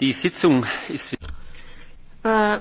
die sitzung ist äh,